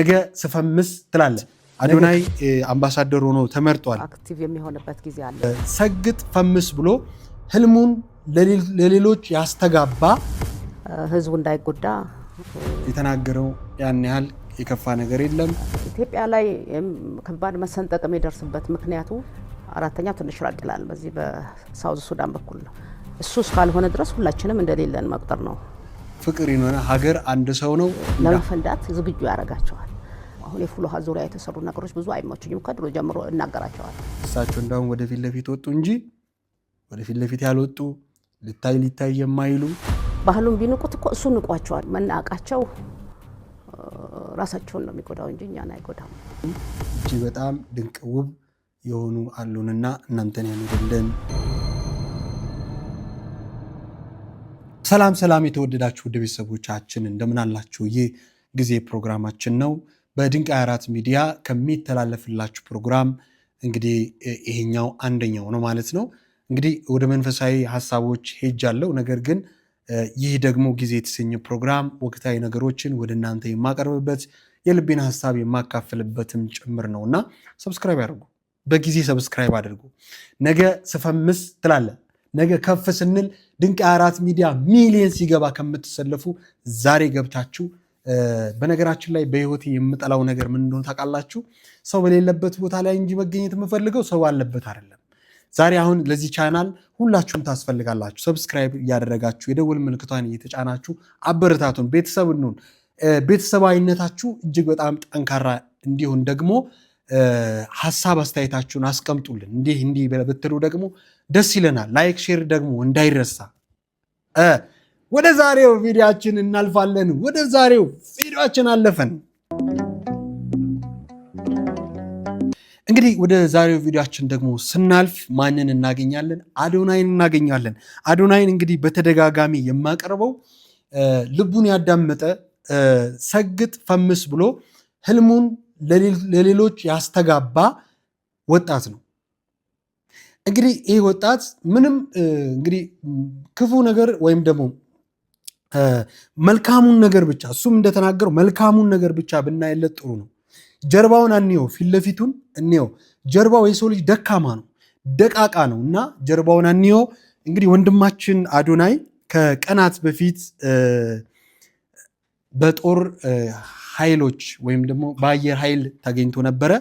ነገ ስፈምስ ትላለ። አዶናይ አምባሳደር ሆኖ ተመርጧል። አክቲቭ የሚሆንበት ጊዜ አለ። ሰግጥ ፈምስ ብሎ ህልሙን ለሌሎች ያስተጋባ ህዝቡ እንዳይጎዳ የተናገረው ያን ያህል የከፋ ነገር የለም። ኢትዮጵያ ላይ ከባድ መሰንጠቅ የሚደርስበት ምክንያቱ አራተኛው ትንሽ ራቅ ይላል። በዚህ በሳውዝ ሱዳን በኩል ነው። እሱ እስካልሆነ ድረስ ሁላችንም እንደሌለን መቁጠር ነው። ፍቅር የሆነ ሀገር አንድ ሰው ነው ለመፈንዳት ዝግጁ ያደርጋቸዋል። አሁን የፍሎሃ ዙሪያ የተሰሩ ነገሮች ብዙ አይመቹኝም። ከድሮ ጀምሮ እናገራቸዋል። እሳቸው እንዳሁን ወደፊት ለፊት ወጡ እንጂ ወደፊት ለፊት ያልወጡ ልታይ ሊታይ የማይሉ ባህሉን ቢንቁት እኮ እሱ ንቋቸዋል። መናቃቸው ራሳቸውን ነው የሚጎዳው እንጂ እኛን አይጎዳም። እጅግ በጣም ድንቅ ውብ የሆኑ አሉንና እናንተን ያኑርልን። ሰላም ሰላም፣ የተወደዳችሁ ውድ ቤተሰቦቻችን እንደምን አላችሁ? ይህ ጊዜ ፕሮግራማችን ነው። በድንቅ አራት ሚዲያ ከሚተላለፍላችሁ ፕሮግራም እንግዲህ ይሄኛው አንደኛው ነው ማለት ነው። እንግዲህ ወደ መንፈሳዊ ሀሳቦች ሄጃለሁ። ነገር ግን ይህ ደግሞ ጊዜ የተሰኘ ፕሮግራም ወቅታዊ ነገሮችን ወደ እናንተ የማቀርብበት የልቤን ሀሳብ የማካፍልበትም ጭምር ነው እና ሰብስክራይብ ያድርጉ። በጊዜ ሰብስክራይብ አድርጉ። ነገ ስፈምስ ትላለ ነገ ከፍ ስንል ድንቅ አራት ሚዲያ ሚሊየን ሲገባ ከምትሰለፉ ዛሬ ገብታችሁ በነገራችን ላይ በህይወቴ የምጠላው ነገር ምን እንደሆነ ታውቃላችሁ? ሰው በሌለበት ቦታ ላይ እንጂ መገኘት የምፈልገው ሰው አለበት አይደለም። ዛሬ አሁን ለዚህ ቻናል ሁላችሁም ታስፈልጋላችሁ። ሰብስክራይብ እያደረጋችሁ የደወል ምልክቷን እየተጫናችሁ አበረታቱን። ቤተሰብ እንሁን። ቤተሰባዊነታችሁ እጅግ በጣም ጠንካራ እንዲሁን ደግሞ ሀሳብ አስተያየታችሁን አስቀምጡልን። እንዲህ እንዲህ ብትሉ ደግሞ ደስ ይለናል። ላይክ ሼር ደግሞ እንዳይረሳ ወደ ዛሬው ቪዲያችን እናልፋለን። ወደ ዛሬው ቪዲዮችን አለፈን። እንግዲህ ወደ ዛሬው ቪዲዮችን ደግሞ ስናልፍ ማንን እናገኛለን? አዶናይን እናገኛለን። አዶናይን እንግዲህ በተደጋጋሚ የማቀርበው ልቡን ያዳመጠ ሰግጥ ፈምስ ብሎ ህልሙን ለሌሎች ያስተጋባ ወጣት ነው። እንግዲህ ይህ ወጣት ምንም እንግዲህ ክፉ ነገር ወይም ደግሞ መልካሙን ነገር ብቻ እሱም እንደተናገረው መልካሙን ነገር ብቻ ብናይለት ጥሩ ነው። ጀርባውን አንየው፣ ፊት ለፊቱን እንየው። ጀርባው የሰው ልጅ ደካማ ነው፣ ደቃቃ ነው እና ጀርባውን አንየው። እንግዲህ ወንድማችን አዶናይ ከቀናት በፊት በጦር ኃይሎች ወይም ደግሞ በአየር ኃይል ተገኝቶ ነበረ።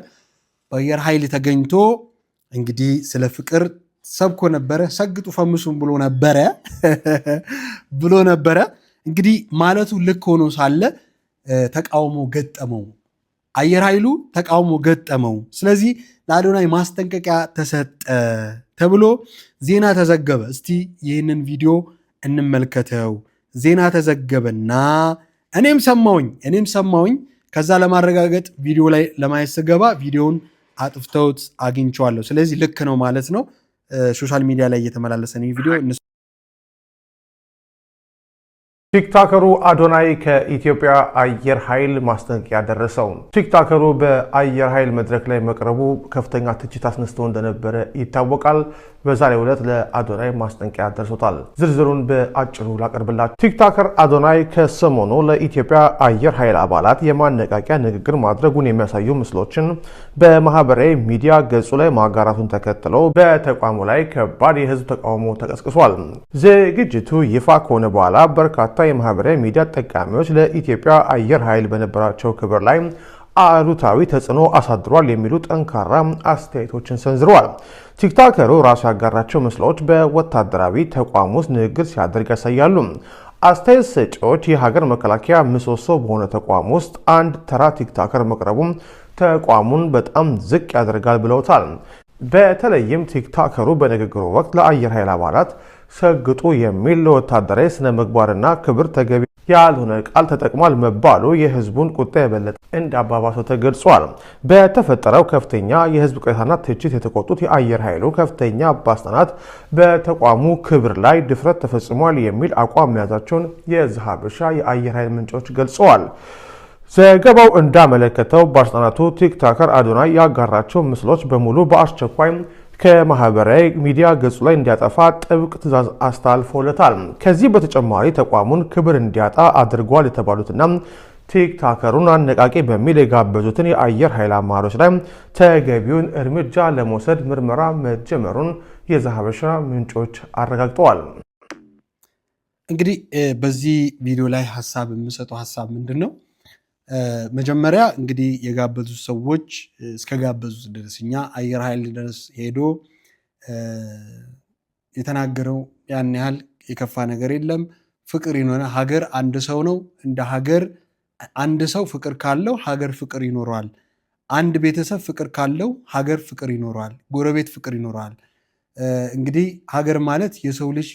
በአየር ኃይል ተገኝቶ እንግዲህ ስለ ፍቅር ሰብኮ ነበረ። ሰግጡ ፈምሱም ብሎ ነበረ ብሎ ነበረ። እንግዲህ ማለቱ ልክ ሆኖ ሳለ ተቃውሞ ገጠመው። አየር ኃይሉ ተቃውሞ ገጠመው። ስለዚህ ለአዶናይ ማስጠንቀቂያ ተሰጠ ተብሎ ዜና ተዘገበ። እስቲ ይህንን ቪዲዮ እንመልከተው። ዜና ተዘገበና እኔም ሰማውኝ እኔም ሰማውኝ። ከዛ ለማረጋገጥ ቪዲዮ ላይ ለማየት ስገባ ቪዲዮውን አጥፍተውት አግኝቼዋለሁ። ስለዚህ ልክ ነው ማለት ነው። ሶሻል ሚዲያ ላይ እየተመላለሰ ነው ቪዲዮ ቲክታከሩ አዶናይ ከኢትዮጵያ አየር ኃይል ማስጠንቀቂያ ደረሰው። ቲክታከሩ በአየር ኃይል መድረክ ላይ መቅረቡ ከፍተኛ ትችት አስነስቶ እንደነበረ ይታወቃል። በዛሬው ዕለት ለአዶናይ ማስጠንቀቂያ ደርሶታል። ዝርዝሩን በአጭሩ ላቀርብላችሁ። ቲክቶከር አዶናይ ከሰሞኑ ለኢትዮጵያ አየር ኃይል አባላት የማነቃቂያ ንግግር ማድረጉን የሚያሳዩ ምስሎችን በማህበራዊ ሚዲያ ገጹ ላይ ማጋራቱን ተከትለው በተቋሙ ላይ ከባድ የህዝብ ተቃውሞ ተቀስቅሷል። ዝግጅቱ ይፋ ከሆነ በኋላ በርካታ የማህበራዊ ሚዲያ ተጠቃሚዎች ለኢትዮጵያ አየር ኃይል በነበራቸው ክብር ላይ አሉታዊ ተጽዕኖ አሳድሯል የሚሉ ጠንካራ አስተያየቶችን ሰንዝረዋል። ቲክታከሩ ራሱ ያጋራቸው ምስሎች በወታደራዊ ተቋም ውስጥ ንግግር ሲያደርግ ያሳያሉ። አስተያየት ሰጪዎች የሀገር መከላከያ ምሰሶ በሆነ ተቋም ውስጥ አንድ ተራ ቲክታከር መቅረቡም ተቋሙን በጣም ዝቅ ያደርጋል ብለውታል። በተለይም ቲክታከሩ በንግግሩ ወቅት ለአየር ኃይል አባላት ሰግጡ የሚል ለወታደራዊ ስነ ምግባርና ክብር ተገቢ ያልሆነ ቃል ተጠቅሟል መባሉ የህዝቡን ቁጣ የበለጠ እንዳባባሰው ተገልጿል። በተፈጠረው ከፍተኛ የህዝብ ቅሬታና ትችት የተቆጡት የአየር ኃይሉ ከፍተኛ ባለስልጣናት በተቋሙ ክብር ላይ ድፍረት ተፈጽሟል የሚል አቋም መያዛቸውን የዚህ የአየር ኃይል ምንጮች ገልጸዋል። ዘገባው እንዳመለከተው ባለስልጣናቱ ቲክታከር አዶናይ ያጋራቸው ምስሎች በሙሉ በአስቸኳይ ከማህበራዊ ሚዲያ ገጹ ላይ እንዲያጠፋ ጥብቅ ትዕዛዝ አስተላልፎለታል። ከዚህ በተጨማሪ ተቋሙን ክብር እንዲያጣ አድርጓል የተባሉትና ቲክታከሩን አነቃቂ በሚል የጋበዙትን የአየር ኃይል አማሮች ላይ ተገቢውን እርምጃ ለመውሰድ ምርመራ መጀመሩን የዛሀበሻ ምንጮች አረጋግጠዋል። እንግዲህ በዚህ ቪዲዮ ላይ ሀሳብ የምሰጠው ሀሳብ ምንድን ነው? መጀመሪያ እንግዲህ የጋበዙት ሰዎች እስከጋበዙት ድረስ እኛ አየር ኃይል ድረስ ሄዶ የተናገረው ያን ያህል የከፋ ነገር የለም። ፍቅር ይኖረ ሀገር አንድ ሰው ነው። እንደ ሀገር አንድ ሰው ፍቅር ካለው ሀገር ፍቅር ይኖረዋል። አንድ ቤተሰብ ፍቅር ካለው ሀገር ፍቅር ይኖረዋል። ጎረቤት ፍቅር ይኖረዋል። እንግዲህ ሀገር ማለት የሰው ልጅ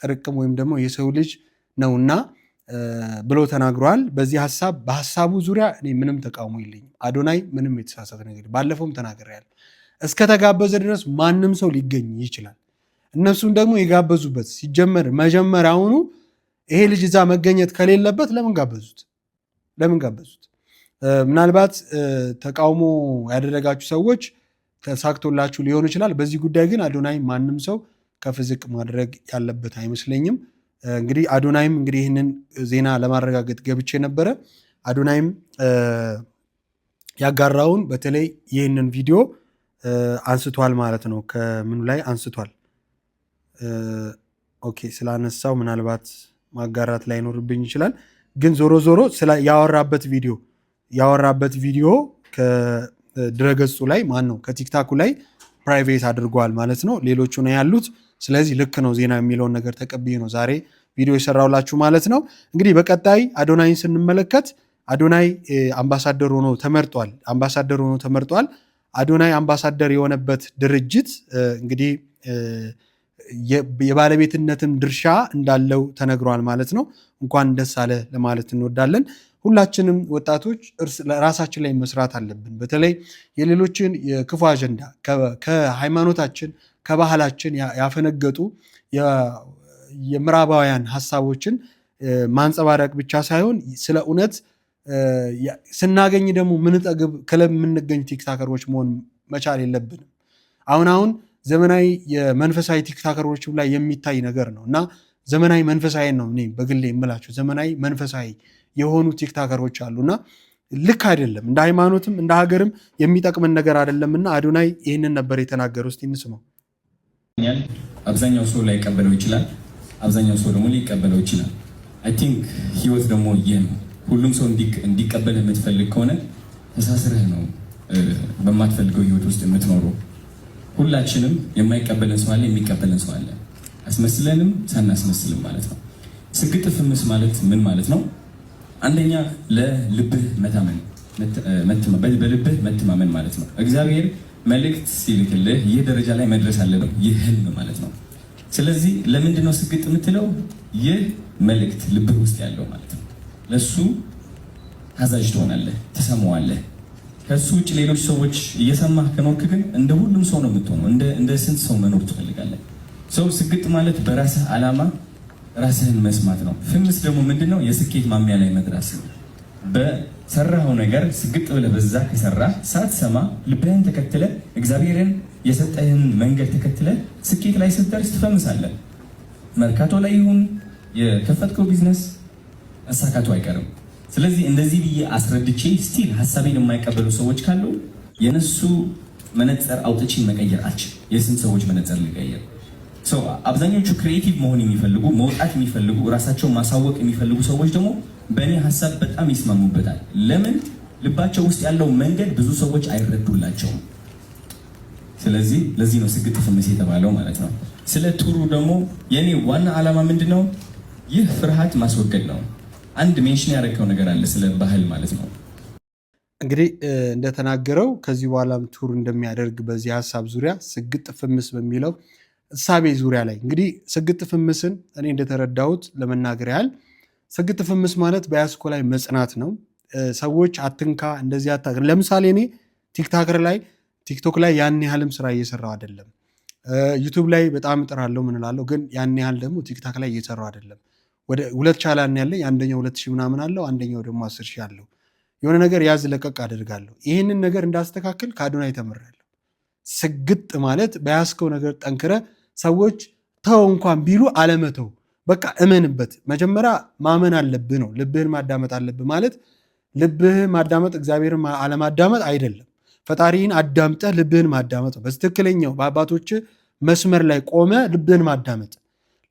ጥርቅም ወይም ደግሞ የሰው ልጅ ነውና ብሎ ተናግረዋል። በዚህ ሀሳብ በሀሳቡ ዙሪያ እኔ ምንም ተቃውሞ የለኝም። አዶናይ ምንም የተሳሳተ ነገር ባለፈውም ተናግሬያለሁ። እስከ ድረስ ማንም ሰው ሊገኝ ይችላል። እነሱን ደግሞ የጋበዙበት ሲጀመር መጀመሪያውኑ ይሄ ልጅ እዛ መገኘት ከሌለበት ለምን ጋበዙት? ለምን ጋበዙት? ምናልባት ተቃውሞ ያደረጋችሁ ሰዎች ተሳክቶላችሁ ሊሆን ይችላል። በዚህ ጉዳይ ግን አዶናይ ማንም ሰው ከፍዝቅ ማድረግ ያለበት አይመስለኝም። እንግዲህ አዶናይም እንግዲህ ይህንን ዜና ለማረጋገጥ ገብቼ ነበረ። አዶናይም ያጋራውን በተለይ ይህንን ቪዲዮ አንስቷል ማለት ነው። ከምኑ ላይ አንስቷል? ኦኬ ስላነሳው ምናልባት ማጋራት ላይኖርብኝ ይችላል። ግን ዞሮ ዞሮ ያወራበት ቪዲዮ ያወራበት ቪዲዮ ከድረገጹ ላይ ማን ነው ከቲክታኩ ላይ ፕራይቬት አድርጓል ማለት ነው። ሌሎቹ ነው ያሉት። ስለዚህ ልክ ነው ዜና የሚለውን ነገር ተቀብዬ ነው ዛሬ ቪዲዮ የሰራውላችሁ ማለት ነው። እንግዲህ በቀጣይ አዶናይን ስንመለከት አዶናይ አምባሳደር ሆኖ ተመርጧል። አምባሳደር ሆኖ ተመርጧል። አዶናይ አምባሳደር የሆነበት ድርጅት እንግዲህ የባለቤትነትም ድርሻ እንዳለው ተነግሯል ማለት ነው። እንኳን ደስ አለ ለማለት እንወዳለን። ሁላችንም ወጣቶች ራሳችን ላይ መስራት አለብን። በተለይ የሌሎችን የክፉ አጀንዳ ከሃይማኖታችን ከባህላችን ያፈነገጡ የምዕራባውያን ሀሳቦችን ማንጸባረቅ ብቻ ሳይሆን ስለ እውነት ስናገኝ ደግሞ ምንጠግብ ክለብ የምንገኝ ቲክታከሮች መሆን መቻል የለብንም። አሁን አሁን ዘመናዊ የመንፈሳዊ ቲክታከሮች ላይ የሚታይ ነገር ነው እና ዘመናዊ መንፈሳዊ ነው እኔ በግሌ የምላቸው ዘመናዊ መንፈሳዊ የሆኑ ቲክታከሮች አሉና ልክ አይደለም። እንደ ሃይማኖትም እንደ ሀገርም የሚጠቅምን ነገር አይደለምና አዶናይ ይህንን ነበር የተናገረው። እስቲ እንስማው። አብዛኛው ሰው ላይቀበለው ይችላል፣ አብዛኛው ሰው ደግሞ ሊቀበለው ይችላል። አይ ቲንክ ህይወት ደግሞ ይህ ነው። ሁሉም ሰው እንዲቀበል የምትፈልግ ከሆነ ተሳስረህ ነው በማትፈልገው ህይወት ውስጥ የምትኖረው። ሁላችንም የማይቀበልን ሰው አለ፣ የሚቀበልን ሰው አለ፣ አስመስለንም ሳናስመስልም ማለት ነው። ስግጥ ፍምስ ማለት ምን ማለት ነው? አንደኛ ለልብህ መታመን በልብህ መተማመን ማለት ነው። እግዚአብሔር መልእክት ሲልክልህ ይህ ደረጃ ላይ መድረስ አለብህ፣ ይህ ህልም ማለት ነው። ስለዚህ ለምንድን ነው ስግጥ የምትለው? ይህ መልእክት ልብህ ውስጥ ያለው ማለት ነው። ለእሱ ታዛዥ ትሆናለህ፣ ትሰማዋለህ። ከእሱ ውጭ ሌሎች ሰዎች እየሰማህ ከኖርክ ግን እንደ ሁሉም ሰው ነው የምትሆነው። እንደ ስንት ሰው መኖር ትፈልጋለህ? ሰው ስግጥ ማለት በራስህ አላማ ራስህን መስማት ነው። ፍምስ ደግሞ ምንድን ነው? የስኬት ማሚያ ላይ መድረስ በሰራኸው ነገር ስግጥ ብለህ በዛ ከሰራህ ሳትሰማ ልብህን ተከትለ እግዚአብሔርን የሰጠህን መንገድ ተከትለ ስኬት ላይ ስትደርስ ትፈምሳለህ። መርካቶ ላይ ይሁን የከፈትከው ቢዝነስ እሳካቱ አይቀርም። ስለዚህ እንደዚህ ብዬ አስረድቼ ስቲል ሀሳቤን የማይቀበሉ ሰዎች ካሉ የነሱ መነጽር አውጥቼ መቀየር አልችል። የስንት ሰዎች መነጽር ልቀየር አብዛኞቹ ክሪኤቲቭ መሆን የሚፈልጉ መውጣት የሚፈልጉ ራሳቸውን ማሳወቅ የሚፈልጉ ሰዎች ደግሞ በእኔ ሀሳብ በጣም ይስማሙበታል። ለምን ልባቸው ውስጥ ያለው መንገድ ብዙ ሰዎች አይረዱላቸውም። ስለዚህ ለዚህ ነው ስግጥ ፍምስ የተባለው ማለት ነው። ስለ ቱሩ ደግሞ የእኔ ዋና ዓላማ ምንድን ነው? ይህ ፍርሃት ማስወገድ ነው። አንድ ሜንሽን ያደረግከው ነገር አለ ስለ ባህል ማለት ነው። እንግዲህ እንደተናገረው ከዚህ በኋላም ቱር እንደሚያደርግ በዚህ ሀሳብ ዙሪያ ስግጥ ፍምስ በሚለው እሳቤ ዙሪያ ላይ እንግዲህ ስግጥ ፍምስን እኔ እንደተረዳሁት ለመናገር ያህል ስግጥ ፍምስ ማለት በያስኮ ላይ መጽናት ነው። ሰዎች አትንካ፣ እንደዚህ አታገር። ለምሳሌ እኔ ቲክታክር ላይ ቲክቶክ ላይ ያን ያህልም ስራ እየሰራው አይደለም። ዩቱብ ላይ በጣም እጥራለሁ ምን ግን ያን ያህል ደግሞ ቲክታክ ላይ እየሰራው አይደለም። ወደ ሁለት ቻላን ያለ አንደኛው ሁለት ሺህ ምናምን አለው፣ አንደኛው ደግሞ አስር ሺህ አለው። የሆነ ነገር ያዝ ለቀቅ አደርጋለሁ። ይህንን ነገር እንዳስተካክል ከአዶናይ ተምሬያለሁ። ስግጥ ማለት በያዝከው ነገር ጠንክረህ ሰዎች ተው እንኳን ቢሉ አለመተው፣ በቃ እመንበት። መጀመሪያ ማመን አለብህ ነው። ልብህን ማዳመጥ አለብህ ማለት ልብህ ማዳመጥ እግዚአብሔርን አለማዳመጥ አይደለም። ፈጣሪን አዳምጠህ ልብህን ማዳመጥ በትክክለኛው በአባቶች መስመር ላይ ቆመ ልብህን ማዳመጥ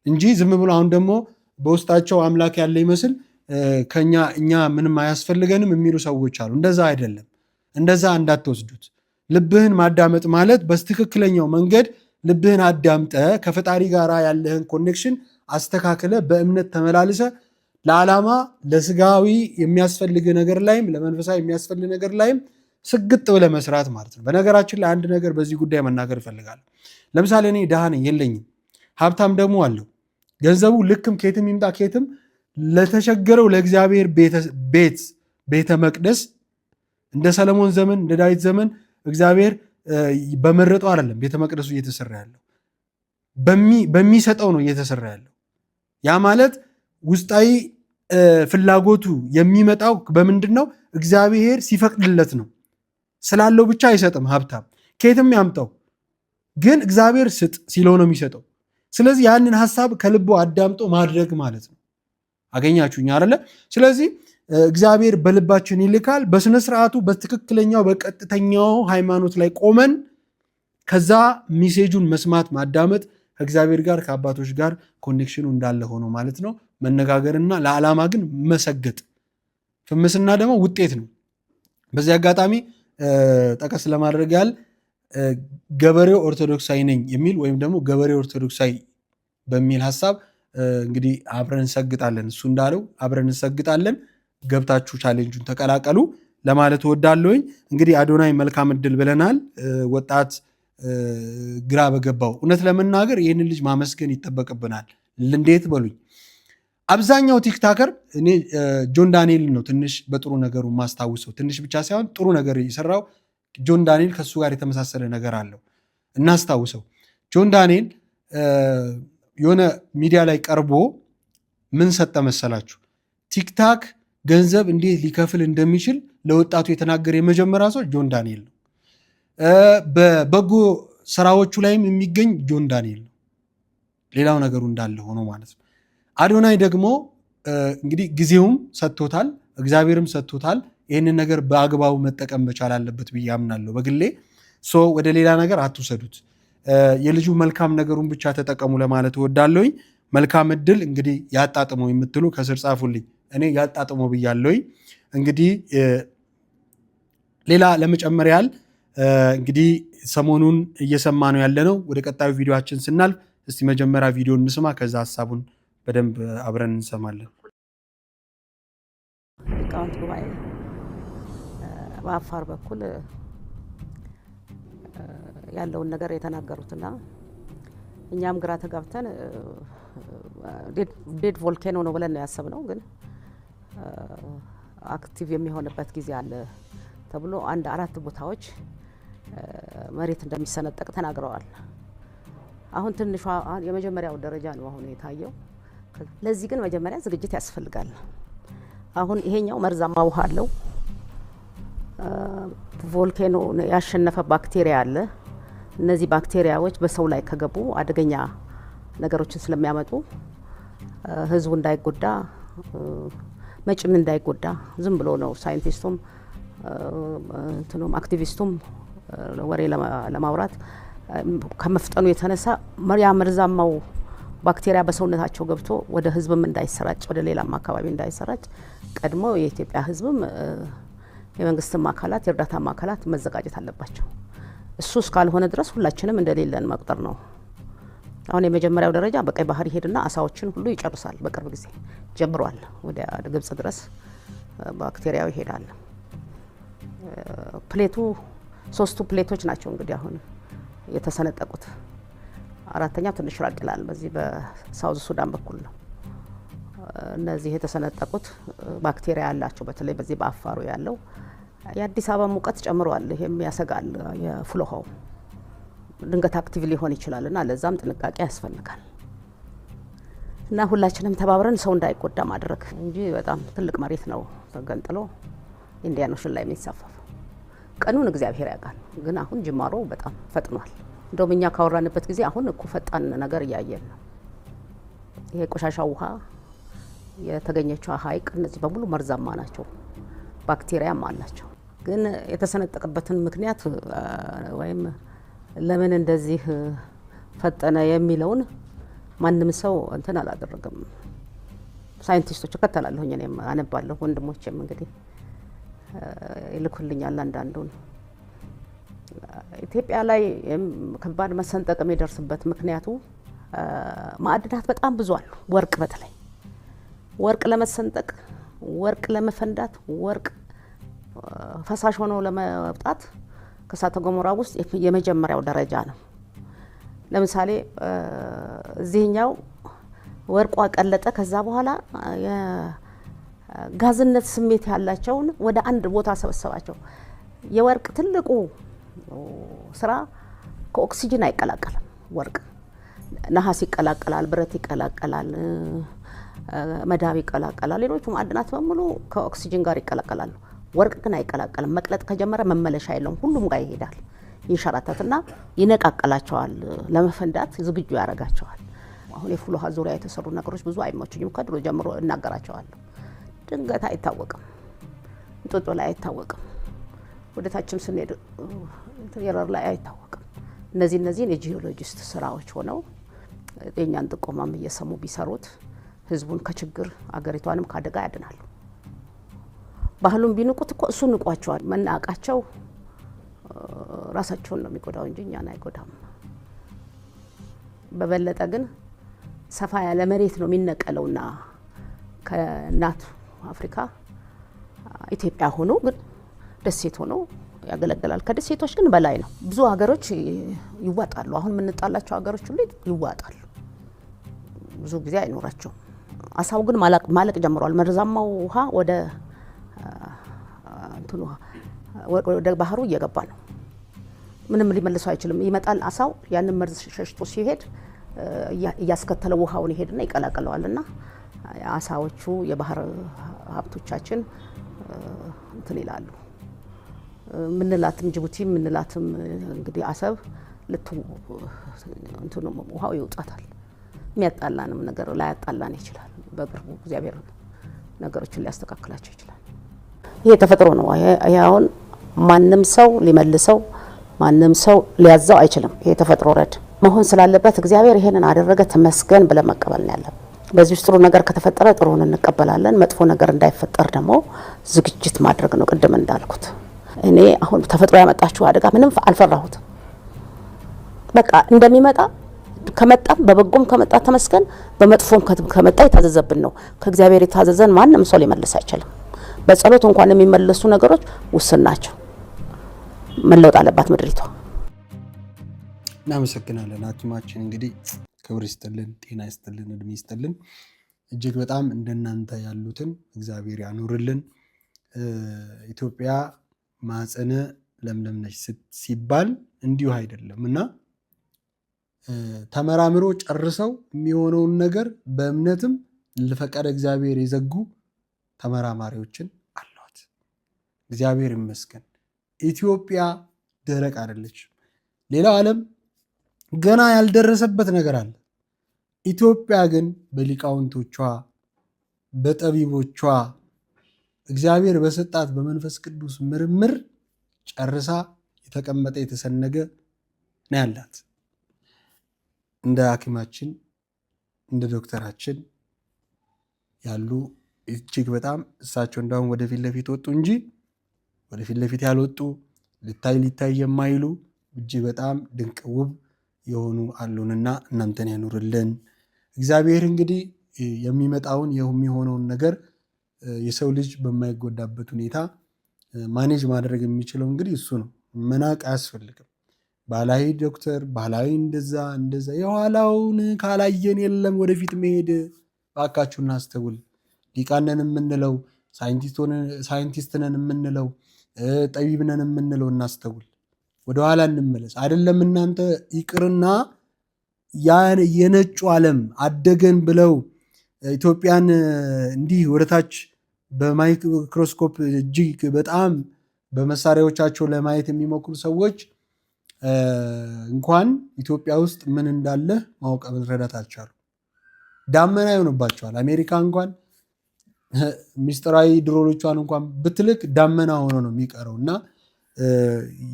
እንጂ ዝም ብሎ አሁን ደግሞ በውስጣቸው አምላክ ያለ ይመስል ከኛ እኛ ምንም አያስፈልገንም የሚሉ ሰዎች አሉ። እንደዛ አይደለም። እንደዛ እንዳትወስዱት። ልብህን ማዳመጥ ማለት በትክክለኛው መንገድ ልብህን አዳምጠ ከፈጣሪ ጋር ያለህን ኮኔክሽን አስተካክለ በእምነት ተመላልሰ ለዓላማ ለስጋዊ የሚያስፈልግ ነገር ላይም ለመንፈሳዊ የሚያስፈልግ ነገር ላይም ስግጥ ብለ መስራት ማለት ነው። በነገራችን ላይ አንድ ነገር በዚህ ጉዳይ መናገር እፈልጋለሁ። ለምሳሌ እኔ ድሃ ነኝ የለኝም፣ ሀብታም ደግሞ አለው ገንዘቡ ልክም ኬትም ይምጣ ኬትም ለተቸገረው ለእግዚአብሔር ቤት ቤተ መቅደስ እንደ ሰለሞን ዘመን እንደ ዳዊት ዘመን እግዚአብሔር በመረጠው አይደለም ቤተ መቅደሱ እየተሰራ ያለው በሚሰጠው ነው እየተሰራ ያለው። ያ ማለት ውስጣዊ ፍላጎቱ የሚመጣው በምንድን ነው? እግዚአብሔር ሲፈቅድለት ነው። ስላለው ብቻ አይሰጥም። ሀብታም ከየትም ያምጠው፣ ግን እግዚአብሔር ስጥ ሲለው ነው የሚሰጠው። ስለዚህ ያንን ሀሳብ ከልቦ አዳምጦ ማድረግ ማለት ነው። አገኛችሁኝ አይደለ? ስለዚህ እግዚአብሔር በልባችን ይልካል። በስነ ስርዓቱ በትክክለኛው በቀጥተኛው ሃይማኖት ላይ ቆመን ከዛ ሚሴጁን መስማት ማዳመጥ ከእግዚአብሔር ጋር ከአባቶች ጋር ኮኔክሽኑ እንዳለ ሆኖ ማለት ነው። መነጋገርና ለዓላማ ግን መሰገጥ ፍምስና ደግሞ ውጤት ነው። በዚህ አጋጣሚ ጠቀስ ለማድረግ ያህል ገበሬው ኦርቶዶክሳዊ ነኝ የሚል ወይም ደግሞ ገበሬው ኦርቶዶክሳዊ በሚል ሀሳብ እንግዲህ አብረን እንሰግጣለን። እሱ እንዳለው አብረን እንሰግጣለን። ገብታችሁ ቻሌንጁን ተቀላቀሉ ለማለት እወዳለሁኝ። እንግዲህ አዶናይ መልካም እድል ብለናል። ወጣት ግራ በገባው እውነት ለመናገር ይህንን ልጅ ማመስገን ይጠበቅብናል። እንዴት በሉኝ አብዛኛው ቲክታከር እኔ ጆን ዳንኤል ነው ትንሽ በጥሩ ነገሩ ማስታውሰው። ትንሽ ብቻ ሳይሆን ጥሩ ነገር የሰራው ጆን ዳንኤል ከሱ ጋር የተመሳሰለ ነገር አለው። እናስታውሰው። ጆን ዳንኤል የሆነ ሚዲያ ላይ ቀርቦ ምን ሰጠ መሰላችሁ? ቲክታክ ገንዘብ እንዴት ሊከፍል እንደሚችል ለወጣቱ የተናገረ የመጀመሪያ ሰው ጆን ዳንኤል ነው። በበጎ ስራዎቹ ላይም የሚገኝ ጆን ዳንኤል ነው። ሌላው ነገሩ እንዳለ ሆኖ ማለት ነው። አዶናይ ደግሞ እንግዲህ ጊዜውም ሰጥቶታል፣ እግዚአብሔርም ሰጥቶታል። ይህንን ነገር በአግባቡ መጠቀም መቻል አለበት ብዬ አምናለሁ በግሌ። ሶ ወደ ሌላ ነገር አትውሰዱት። የልጁ መልካም ነገሩን ብቻ ተጠቀሙ ለማለት እወዳለሁኝ። መልካም እድል እንግዲህ ያጣጥሞ የምትሉ ከስር ጻፉልኝ። እኔ ያጣጥሞ ብያለሁኝ። እንግዲህ ሌላ ለመጨመር ያህል እንግዲህ ሰሞኑን እየሰማ ነው ያለ ነው። ወደ ቀጣዩ ቪዲዮችን ስናልፍ እስቲ መጀመሪያ ቪዲዮ እንስማ፣ ከዛ ሀሳቡን በደንብ አብረን እንሰማለን። ሊቃውንት ጉባኤ በአፋር በኩል ያለውን ነገር የተናገሩትና እኛም ግራ ተጋብተን ዴድ ቮልኬኖ ነው ብለን ነው ያሰብነው፣ ግን አክቲቭ የሚሆንበት ጊዜ አለ ተብሎ አንድ አራት ቦታዎች መሬት እንደሚሰነጠቅ ተናግረዋል። አሁን ትንሿ የመጀመሪያው ደረጃ ነው አሁን የታየው። ለዚህ ግን መጀመሪያ ዝግጅት ያስፈልጋል። አሁን ይሄኛው መርዛማ ውሃ አለው። ቮልኬኖ ያሸነፈ ባክቴሪያ አለ። እነዚህ ባክቴሪያዎች በሰው ላይ ከገቡ አደገኛ ነገሮችን ስለሚያመጡ ህዝቡ እንዳይጎዳ መጭም እንዳይጎዳ ዝም ብሎ ነው ሳይንቲስቱም እንትኑም አክቲቪስቱም ወሬ ለማውራት ከመፍጠኑ የተነሳ ያ መርዛማው ባክቴሪያ በሰውነታቸው ገብቶ ወደ ህዝብም እንዳይሰራጭ ወደ ሌላም አካባቢ እንዳይሰራጭ ቀድሞ የኢትዮጵያ ህዝብም የመንግስትም አካላት የእርዳታም አካላት መዘጋጀት አለባቸው። እሱ እስካልሆነ ድረስ ሁላችንም እንደሌለን መቁጠር ነው። አሁን የመጀመሪያው ደረጃ በቀይ ባህር ይሄድና አሳዎችን ሁሉ ይጨርሳል። በቅርብ ጊዜ ጀምሯል። ወደ ግብጽ ድረስ ባክቴሪያው ይሄዳል። ፕሌቱ ሶስቱ ፕሌቶች ናቸው እንግዲህ አሁን የተሰነጠቁት። አራተኛው ትንሽ ራቅ ይላል። በዚህ በሳውዝ ሱዳን በኩል ነው። እነዚህ የተሰነጠቁት ባክቴሪያ ያላቸው በተለይ በዚህ በአፋሩ ያለው የአዲስ አበባ ሙቀት ጨምሯል። ይሄም ያሰጋል የፍሎሃው ድንገት አክቲቭ ሊሆን ይችላል እና ለዛም ጥንቃቄ ያስፈልጋል እና ሁላችንም ተባብረን ሰው እንዳይጎዳ ማድረግ እንጂ በጣም ትልቅ መሬት ነው ተገንጥሎ ኢንዲያኖችን ላይ የሚንሳፈፉ ቀኑን እግዚአብሔር ያውቃል። ግን አሁን ጅማሮ በጣም ፈጥኗል። እንደውም እኛ ካወራንበት ጊዜ አሁን እኮ ፈጣን ነገር እያየን ነው። ይሄ ቆሻሻ ውሃ የተገኘችው ሀይቅ እነዚህ በሙሉ መርዛማ ናቸው፣ ባክቴሪያም አላቸው። ግን የተሰነጠቀበትን ምክንያት ወይም ለምን እንደዚህ ፈጠነ የሚለውን ማንም ሰው እንትን አላደረገም። ሳይንቲስቶች እከተላለሁ፣ እኔም አነባለሁ። ወንድሞቼም እንግዲህ ይልኩልኛል አንዳንዱን። ኢትዮጵያ ላይ ከባድ መሰንጠቅ የሚደርስበት ምክንያቱ ማዕድናት በጣም ብዙ አሉ። ወርቅ በተለይ ወርቅ ለመሰንጠቅ፣ ወርቅ ለመፈንዳት፣ ወርቅ ፈሳሽ ሆኖ ለመውጣት ከእሳተ ገሞራ ውስጥ የመጀመሪያው ደረጃ ነው። ለምሳሌ እዚህኛው ወርቋ ቀለጠ። ከዛ በኋላ የጋዝነት ስሜት ያላቸውን ወደ አንድ ቦታ ሰበሰባቸው። የወርቅ ትልቁ ስራ ከኦክሲጅን አይቀላቀልም። ወርቅ ነሐስ ይቀላቀላል፣ ብረት ይቀላቀላል፣ መዳብ ይቀላቀላል። ሌሎቹ ማዕድናት በሙሉ ከኦክሲጅን ጋር ይቀላቀላሉ። ወርቅ ግን አይቀላቀልም። መቅለጥ ከጀመረ መመለሻ የለውም። ሁሉም ጋር ይሄዳል። ይንሸራተትና ይነቃቀላቸዋል። ለመፈንዳት ዝግጁ ያደርጋቸዋል። አሁን የፍል ውሃ ዙሪያ የተሰሩ ነገሮች ብዙ አይመቹኝም። ከድሮ ጀምሮ እናገራቸዋለሁ። ድንገት አይታወቅም፣ እንጦጦ ላይ አይታወቅም፣ ወደ ታችም ስንሄድ የረር ላይ አይታወቅም። እነዚህ እነዚህን የጂኦሎጂስት ስራዎች ሆነው የእኛን ጥቆማም እየሰሙ ቢሰሩት ህዝቡን ከችግር አገሪቷንም ከአደጋ ያድናሉ። ባህሉን ቢንቁት እኮ እሱ ንቋቸዋል። መናቃቸው ራሳቸውን ነው የሚጎዳው እንጂ እኛን አይጎዳም። በበለጠ ግን ሰፋ ያለ መሬት ነው የሚነቀለውና ከእናቱ አፍሪካ ኢትዮጵያ ሆኖ ግን ደሴት ሆኖ ያገለግላል። ከደሴቶች ግን በላይ ነው። ብዙ ሀገሮች ይዋጣሉ። አሁን የምንጣላቸው ሀገሮች ሁሉ ይዋጣሉ። ብዙ ጊዜ አይኖራቸውም። አሳው ግን ማለቅ ጀምሯል። መርዛማው ውሃ ወደ እንትኑ ወደ ባህሩ እየገባ ነው። ምንም ሊመልሰው አይችልም። ይመጣል አሳው ያንን መርዝ ሸሽጦ ሲሄድ እያስከተለ ውሃውን ይሄድና ይቀላቅለዋል። እና አሳዎቹ የባህር ሀብቶቻችን እንትን ይላሉ። ምንላትም ጅቡቲ ምንላትም እንግዲህ አሰብ ልቱ እንትኑ ውሃው ይውጣታል። የሚያጣላንም ነገር ላያጣላን ይችላል። በቅርቡ እግዚአብሔር ነገሮችን ሊያስተካክላቸው ይችላል። ይሄ ተፈጥሮ ነው። ይሄ አሁን ማንም ሰው ሊመልሰው ማንም ሰው ሊያዛው አይችልም። ይሄ ተፈጥሮ ረድ መሆን ስላለበት እግዚአብሔር ይሄንን አደረገ ተመስገን ብለን መቀበል ነው በዚህ ውስጥ ጥሩ ነገር ከተፈጠረ ጥሩን እንቀበላለን። መጥፎ ነገር እንዳይፈጠር ደግሞ ዝግጅት ማድረግ ነው። ቅድም እንዳልኩት እኔ አሁን ተፈጥሮ ያመጣችሁ አደጋ ምንም አልፈራሁት በቃ እንደሚመጣ ከመጣም በበጎም ከመጣ ተመስገን፣ በመጥፎም ከመጣ የታዘዘብን ነው። ከእግዚአብሔር የታዘዘን ማንም ሰው ሊመልስ አይችልም። በጸሎት እንኳን የሚመለሱ ነገሮች ውስን ናቸው። መለወጥ አለባት ምድሪቷ። እናመሰግናለን ሐኪማችን እንግዲህ ክብር ይስጥልን፣ ጤና ይስጥልን፣ እድሜ ይስጥልን። እጅግ በጣም እንደናንተ ያሉትን እግዚአብሔር ያኑርልን። ኢትዮጵያ ማኅፀነ ለምለም ነች ሲባል እንዲሁ አይደለም እና ተመራምሮ ጨርሰው የሚሆነውን ነገር በእምነትም ለፈቀደ እግዚአብሔር የዘጉ ተመራማሪዎችን አሏት። እግዚአብሔር ይመስገን ኢትዮጵያ ደረቅ አይደለችም። ሌላው ዓለም ገና ያልደረሰበት ነገር አለ። ኢትዮጵያ ግን በሊቃውንቶቿ በጠቢቦቿ እግዚአብሔር በሰጣት በመንፈስ ቅዱስ ምርምር ጨርሳ የተቀመጠ የተሰነገ ነው ያላት። እንደ ሐኪማችን እንደ ዶክተራችን ያሉ እጅግ በጣም እሳቸው እንዳሁን ወደፊት ለፊት ወጡ እንጂ ወደፊት ለፊት ያልወጡ ልታይ ሊታይ የማይሉ እጅግ በጣም ድንቅ ውብ የሆኑ አሉንና እናንተን ያኑርልን። እግዚአብሔር እንግዲህ የሚመጣውን የሚሆነውን ነገር የሰው ልጅ በማይጎዳበት ሁኔታ ማኔጅ ማድረግ የሚችለው እንግዲህ እሱ ነው። መናቅ አያስፈልግም። ባህላዊ ዶክተር፣ ባህላዊ እንደዛ እንደዛ የኋላውን ካላየን የለም ወደፊት መሄድ። እባካችሁን አስተውል። ሊቃነን የምንለው ሳይንቲስትነን የምንለው ጠቢብነን የምንለው እናስተውል፣ ወደኋላ እንመለስ። አይደለም እናንተ ይቅርና የነጩ ዓለም አደገን ብለው ኢትዮጵያን እንዲህ ወደታች በማይክሮስኮፕ እጅግ በጣም በመሳሪያዎቻቸው ለማየት የሚሞክሩ ሰዎች እንኳን ኢትዮጵያ ውስጥ ምን እንዳለ ማወቅ መረዳት አልቻሉ። ዳመና ይሆንባቸዋል። አሜሪካ እንኳን ሚስጥራዊ ድሮሎቿን እንኳን ብትልክ ዳመና ሆኖ ነው የሚቀረው እና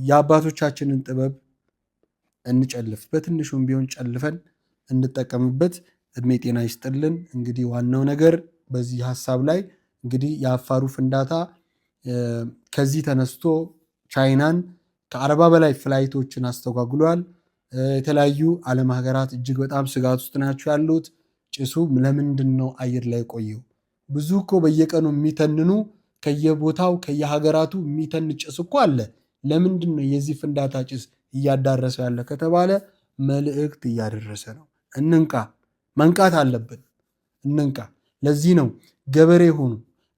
የአባቶቻችንን ጥበብ እንጨልፍ፣ በትንሹም ቢሆን ጨልፈን እንጠቀምበት። እድሜ ጤና ይስጥልን። እንግዲህ ዋናው ነገር በዚህ ሀሳብ ላይ እንግዲህ የአፋሩ ፍንዳታ ከዚህ ተነስቶ ቻይናን ከአርባ በላይ ፍላይቶችን አስተጓጉሏል። የተለያዩ ዓለም ሀገራት እጅግ በጣም ስጋት ውስጥ ናቸው ያሉት። ጭሱ ለምንድን ነው አየር ላይ ቆየው? ብዙ እኮ በየቀኑ የሚተንኑ ከየቦታው ከየሀገራቱ የሚተን ጭስ እኮ አለ። ለምንድን ነው የዚህ ፍንዳታ ጭስ እያዳረሰ ያለ ከተባለ መልእክት እያደረሰ ነው። እንንቃ፣ መንቃት አለብን። እንንቃ። ለዚህ ነው ገበሬ ሁኑ፣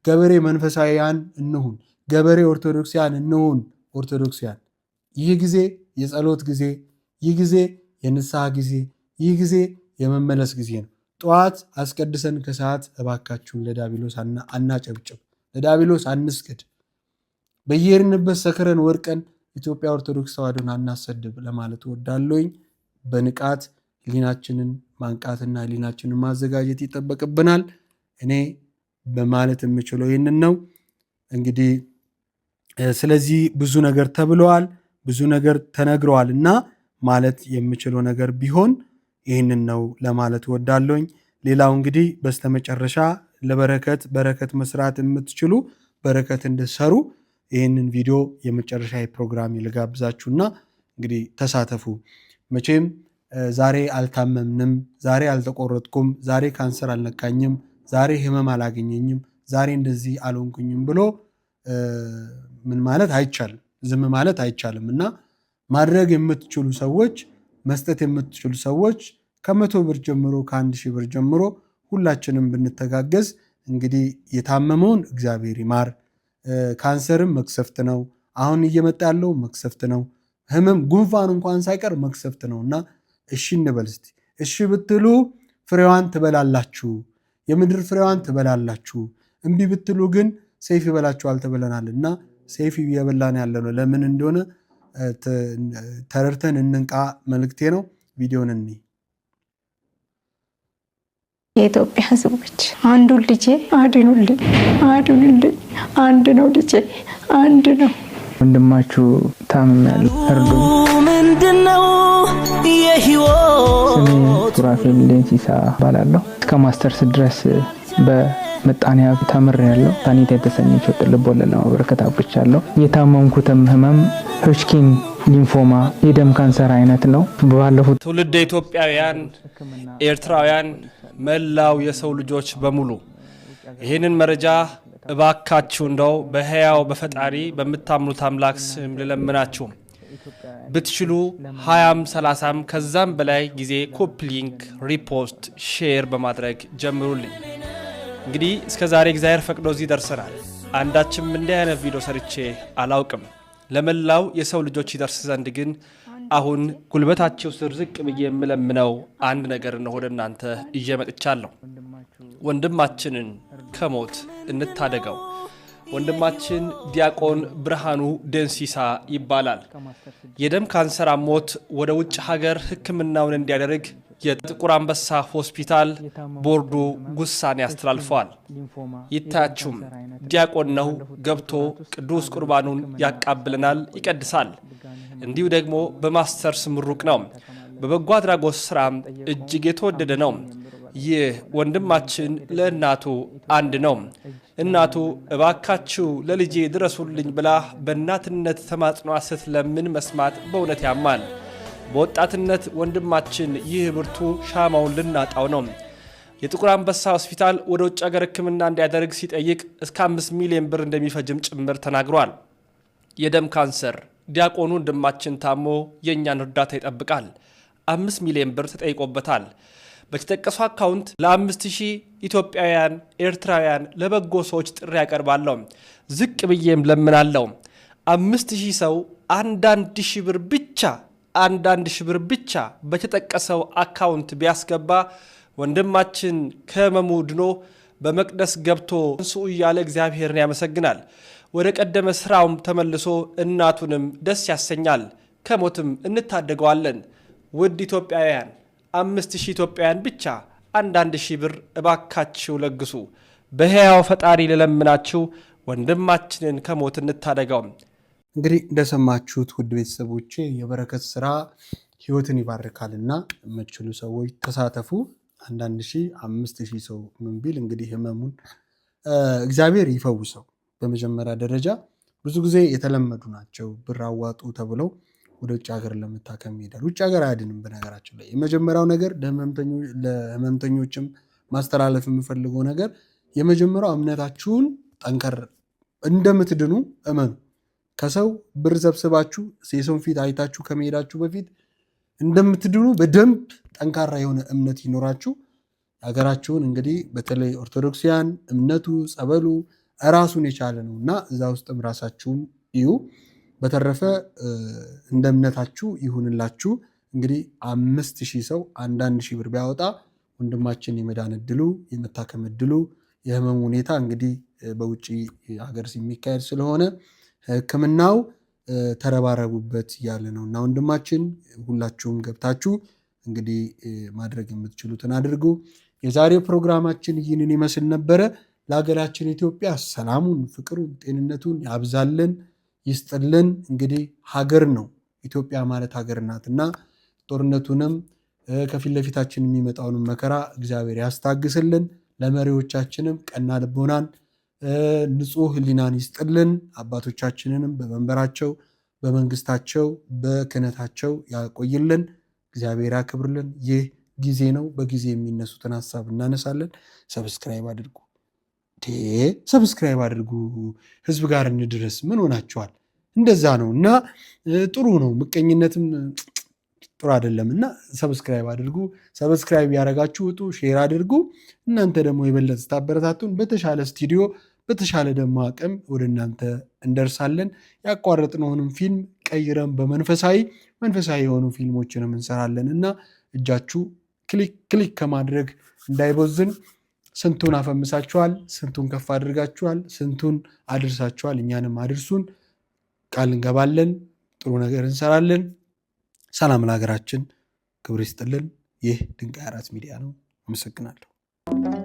ገበሬ መንፈሳዊያን እንሁን፣ ገበሬ ኦርቶዶክሲያን እንሁን። ኦርቶዶክሲያን ይህ ጊዜ የጸሎት ጊዜ፣ ይህ ጊዜ የንስሐ ጊዜ፣ ይህ ጊዜ የመመለስ ጊዜ ነው። ጠዋት አስቀድሰን ከሰዓት እባካችሁን ለዳቢሎስ አናጨብጭብ፣ ለዳቢሎስ አንስገድ፣ በየሄድንበት ሰክረን ወርቀን ኢትዮጵያ ኦርቶዶክስ ተዋሕዶን አናሰድብ ለማለት ወዳለኝ በንቃት ህሊናችንን ማንቃትና ህሊናችንን ማዘጋጀት ይጠበቅብናል። እኔ በማለት የምችለው ይህንን ነው። እንግዲህ ስለዚህ ብዙ ነገር ተብለዋል፣ ብዙ ነገር ተነግረዋል እና ማለት የምችለው ነገር ቢሆን ይህንን ነው ለማለት ወዳለኝ። ሌላው እንግዲህ በስተመጨረሻ ለበረከት በረከት መስራት የምትችሉ በረከት እንድትሰሩ ይህንን ቪዲዮ የመጨረሻ ፕሮግራም ይልጋብዛችሁና እንግዲህ ተሳተፉ። መቼም ዛሬ አልታመምንም፣ ዛሬ አልተቆረጥኩም፣ ዛሬ ካንሰር አልነካኝም፣ ዛሬ ህመም አላገኘኝም፣ ዛሬ እንደዚህ አልሆንኩኝም ብሎ ምን ማለት አይቻልም፣ ዝም ማለት አይቻልም እና ማድረግ የምትችሉ ሰዎች መስጠት የምትችሉ ሰዎች ከመቶ ብር ጀምሮ ከአንድ ሺህ ብር ጀምሮ ሁላችንም ብንተጋገዝ እንግዲህ የታመመውን እግዚአብሔር ይማር። ካንሰርም መክሰፍት ነው። አሁን እየመጣ ያለው መክሰፍት ነው። ህመም፣ ጉንፋን እንኳን ሳይቀር መክሰፍት ነው እና እሺ እንበል እስቲ። እሺ ብትሉ ፍሬዋን ትበላላችሁ፣ የምድር ፍሬዋን ትበላላችሁ። እምቢ ብትሉ ግን ሰይፍ ይበላችኋል ትብለናል እና ሰይፍ እየበላን ያለ ነው ለምን እንደሆነ ተረድተን እንንቃ መልእክቴ ነው። ቪዲዮን እኒ የኢትዮጵያ ሕዝቦች አንዱ ልጄ አድኑልኝ፣ አድኑልኝ። አንድ ነው ልጄ፣ አንድ ነው። ወንድማችሁ ታምሜያለሁ፣ እርዱ። ምንድነው የህይወት ስሜ ሱራፌል ሌንሲሳ እባላለሁ። እስከ ማስተርስ ድረስ በምጣኔ ሀብት ተምሬያለሁ። ታኒታ የተሰኘችው ልብ ወለድ ለማበረከት አብቅቻለሁ። የታመምኩትም ህመም ሆጅኪን ሊንፎማ የደም ካንሰር አይነት ነው። ባለፉት ትውልድ ኢትዮጵያውያን፣ ኤርትራውያን፣ መላው የሰው ልጆች በሙሉ ይህንን መረጃ እባካችሁ እንደው በህያው በፈጣሪ በምታምኑት አምላክ ስም ልለምናችሁ ብትችሉ ሀያም ሰላሳም ከዛም በላይ ጊዜ ኮፕሊንግ ሪፖስት ሼር በማድረግ ጀምሩልኝ። እንግዲህ እስከ ዛሬ እግዚአብሔር ፈቅዶ እዚህ ደርሰናል። አንዳችም እንዲህ አይነት ቪዲዮ ሰርቼ አላውቅም። ለመላው የሰው ልጆች ይደርስ ዘንድ ግን አሁን ጉልበታቸው ስር ዝቅ ብዬ የምለምነው አንድ ነገር ነው። ወደ እናንተ እየመጥቻለሁ። ወንድማችንን ከሞት እንታደገው። ወንድማችን ዲያቆን ብርሃኑ ደንሲሳ ይባላል። የደም ካንሰር አሞት ወደ ውጭ ሀገር ሕክምናውን እንዲያደርግ የጥቁር አንበሳ ሆስፒታል ቦርዱ ውሳኔ አስተላልፈዋል። ይታያችሁም ዲያቆን ነው ገብቶ ቅዱስ ቁርባኑን ያቃብለናል፣ ይቀድሳል። እንዲሁ ደግሞ በማስተርስ ምሩቅ ነው። በበጎ አድራጎት ስራም እጅግ የተወደደ ነው። ይህ ወንድማችን ለእናቱ አንድ ነው። እናቱ እባካችሁ ለልጄ ድረሱልኝ ብላ በእናትነት ተማጽኗ ስትለምን መስማት በእውነት ያማል። በወጣትነት ወንድማችን ይህ ብርቱ ሻማውን ልናጣው ነው። የጥቁር አንበሳ ሆስፒታል ወደ ውጭ ሀገር ሕክምና እንዲያደርግ ሲጠይቅ እስከ አምስት ሚሊዮን ብር እንደሚፈጅም ጭምር ተናግሯል። የደም ካንሰር ዲያቆኑ ወንድማችን ታሞ የእኛን እርዳታ ይጠብቃል። አምስት ሚሊዮን ብር ተጠይቆበታል። በተጠቀሱ አካውንት ለአምስት ሺህ ኢትዮጵያውያን ኤርትራውያን ለበጎ ሰዎች ጥሪ ያቀርባለሁ። ዝቅ ብዬም ለምናለው አምስት ሺህ ሰው አንዳንድ ሺህ ብር ብቻ አንዳንድ ሺህ ብር ብቻ በተጠቀሰው አካውንት ቢያስገባ ወንድማችን ከህመሙ ድኖ በመቅደስ ገብቶ እንስኡ እያለ እግዚአብሔርን ያመሰግናል። ወደ ቀደመ ስራውም ተመልሶ እናቱንም ደስ ያሰኛል። ከሞትም እንታደገዋለን። ውድ ኢትዮጵያውያን፣ አምስት ሺህ ኢትዮጵያውያን ብቻ አንዳንድ ሺህ ብር እባካችሁ ለግሱ። በሕያው ፈጣሪ ልለምናችሁ፣ ወንድማችንን ከሞት እንታደገውም። እንግዲህ እንደሰማችሁት ውድ ቤተሰቦቼ የበረከት ስራ ህይወትን ይባርካል እና የምትችሉ ሰዎች ተሳተፉ። አንዳንድ ሺህ አምስት ሺህ ሰው ምን ቢል እንግዲህ ህመሙን እግዚአብሔር ይፈውሰው። በመጀመሪያ ደረጃ ብዙ ጊዜ የተለመዱ ናቸው። ብር አዋጡ ተብለው ወደ ውጭ ሀገር ለመታከም ይሄዳል። ውጭ ሀገር አያድንም። በነገራችን ላይ የመጀመሪያው ነገር ለህመምተኞችም ማስተላለፍ የምፈልገው ነገር የመጀመሪያው እምነታችሁን ጠንከር እንደምትድኑ እመኑ። ከሰው ብር ሰብስባችሁ የሰውን ፊት አይታችሁ ከመሄዳችሁ በፊት እንደምትድኑ በደንብ ጠንካራ የሆነ እምነት ይኖራችሁ ሀገራችሁን እንግዲህ በተለይ ኦርቶዶክሲያን እምነቱ ጸበሉ ራሱን የቻለ ነው እና እዛ ውስጥም ራሳችሁም እዩ። በተረፈ እንደ እምነታችሁ ይሁንላችሁ። እንግዲህ አምስት ሺህ ሰው አንዳንድ ሺህ ብር ቢያወጣ ወንድማችን የመዳን እድሉ የመታከም እድሉ የህመም ሁኔታ እንግዲህ በውጭ ሀገር የሚካሄድ ስለሆነ ህክምናው ተረባረቡበት እያለ ነው እና ወንድማችን ሁላችሁም ገብታችሁ እንግዲህ ማድረግ የምትችሉትን አድርጉ። የዛሬው ፕሮግራማችን ይህንን ይመስል ነበረ። ለሀገራችን ኢትዮጵያ ሰላሙን፣ ፍቅሩን፣ ጤንነቱን ያብዛልን ይስጥልን። እንግዲህ ሀገር ነው ኢትዮጵያ ማለት ሀገር ናት እና ጦርነቱንም ከፊት ለፊታችን የሚመጣውንም መከራ እግዚአብሔር ያስታግስልን። ለመሪዎቻችንም ቀና ልቦናን ንጹህ ህሊናን ይስጥልን። አባቶቻችንንም በመንበራቸው በመንግስታቸው በክህነታቸው ያቆይልን። እግዚአብሔር ያክብርልን። ይህ ጊዜ ነው። በጊዜ የሚነሱትን ሀሳብ እናነሳለን። ሰብስክራይብ አድርጉ፣ ሰብስክራይብ አድርጉ። ህዝብ ጋር እንድረስ። ምን ሆናችኋል? እንደዛ ነው እና ጥሩ ነው። ምቀኝነትም ጥሩ አይደለም እና ሰብስክራይብ አድርጉ። ሰብስክራይብ ያደረጋችሁ ውጡ፣ ሼር አድርጉ። እናንተ ደግሞ የበለጠ ስታበረታቱን በተሻለ ስቱዲዮ በተሻለ ደግሞ አቅም ወደ እናንተ እንደርሳለን። ያቋረጥነውንም ፊልም ቀይረን በመንፈሳዊ መንፈሳዊ የሆኑ ፊልሞችንም እንሰራለን እና እጃችሁ ክሊክ ክሊክ ከማድረግ እንዳይቦዝን። ስንቱን አፈምሳችኋል፣ ስንቱን ከፍ አድርጋችኋል፣ ስንቱን አድርሳችኋል። እኛንም አድርሱን። ቃል እንገባለን። ጥሩ ነገር እንሰራለን። ሰላም ለሀገራችን፣ ክብር ይስጥልን። ይህ ድንጋይ አራት ሚዲያ ነው። አመሰግናለሁ።